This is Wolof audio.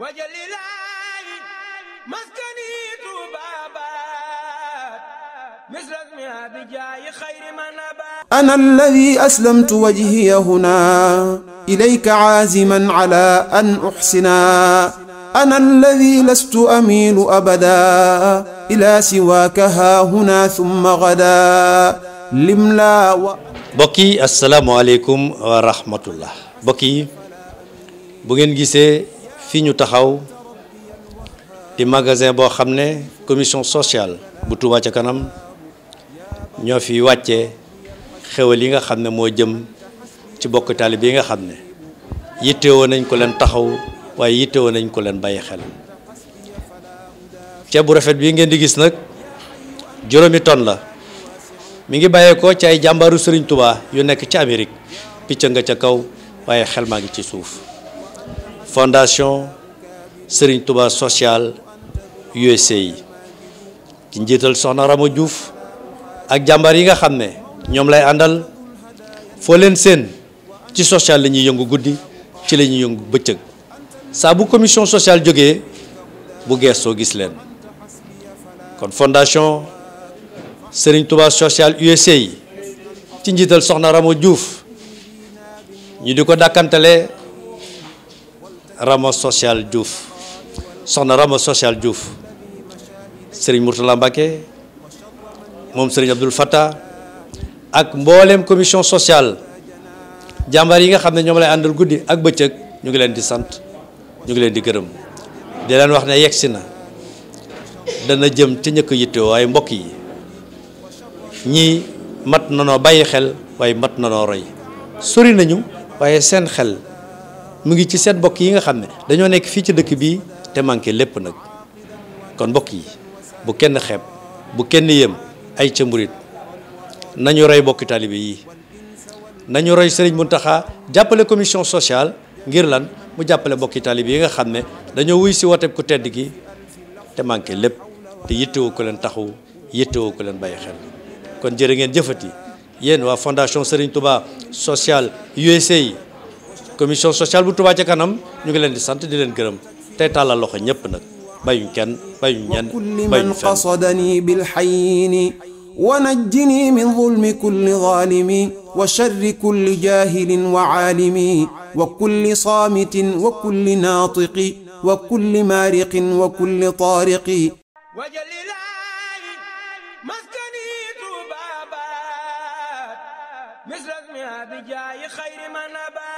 wajalilaayi maskani tubabat misrasmi abijaayi xayri manaba ana alladi aslamtu wajhiya huna ilayka caaziman ala an uxsina ana alladi lastu amilu abada ila siwaaka haahuna summa gada lim laa wa mbokk yi asalaamaaleykum wa rahmatullah mbokk yi bu ngeen gisee fii ñu taxaw di magasin boo xam ne commission sociale bu Touba ca kanam ñoo fi wàccee xéwal yi nga xam ne moo jëm ci bokk taalibe yi nga xam ne yittewoo nañ ko leen taxaw waaye yittewoo nañ ko leen bàyyi xel ceeb bu rafet bii ngeen di gis nag juróomi ton la mu ngi bàyyeekoo ci ay jàmbaaru sëriñ Touba yu nekk ci Amérique picc nga ca kaw waaye xel maa ngi ci suuf fondation Serigne Touba Social USAID ci njiital soxna Rama juuf ak jàmbar yi nga xam ne ñoom lay àndal foo leen seen ci social la ñuy yëngu guddi ci la ñuy yëngu bëccëg saa bu commission sociale jógee bu geestoo gis leen kon fondation Serigne Touba Social USAID ci njiital soxna Rama juuf ñu di ko dàkkantale Rama Social Diouf soxna Rama Social Diouf sëriñ Mourtala Mbacké moom Serigne Abdoul Fattah ak mbooleem commission sociale jàmbaar yi nga xam ne ñoom lay àndal guddi ak bëccëg ñu ngi leen di sant ñu ngi leen di gërëm di leen wax ne yegsi na dana jëm ci ñëkk yitte waaye mbokk yi ñii mat na noo bàyyi xel waaye mat na noo roy sori nañu waaye seen xel mu ngi ci seet mbokk yi nga xam ne dañoo nekk fii ci dëkk bii te manqué lépp nag kon mbokk yi bu kenn xep bu kenn yem ay ca mburit nañu rey mbokki taalibe yi nañu rey roy Serigne Mountakha jàppale commission sociale ngir lan mu jàppale mbokki taalibe yi nga xam ne dañoo wuy si woteeb ku tedd gi te manqué lépp te yittewoo ko leen taxu yittewoo ko leen bàyyi xel kon jërë ngeen jëfati yéen waa fondation Serigne Touba sociale USA commission sociale bu Touba ca kanam ñu ngi leen di sant di leen gërëm tey tàllal loxo ñëpp nag bayuñ kenn bayuñ ñenn bayuñ fenn qasadani bil hayyin wa najjini min zulmi kulli zalimi wa sharri kulli jahilin wa alimi wa kulli saamitin wa kulli naatiqi wa kulli maariqin wa kulli taariqi بجاي خير من أبا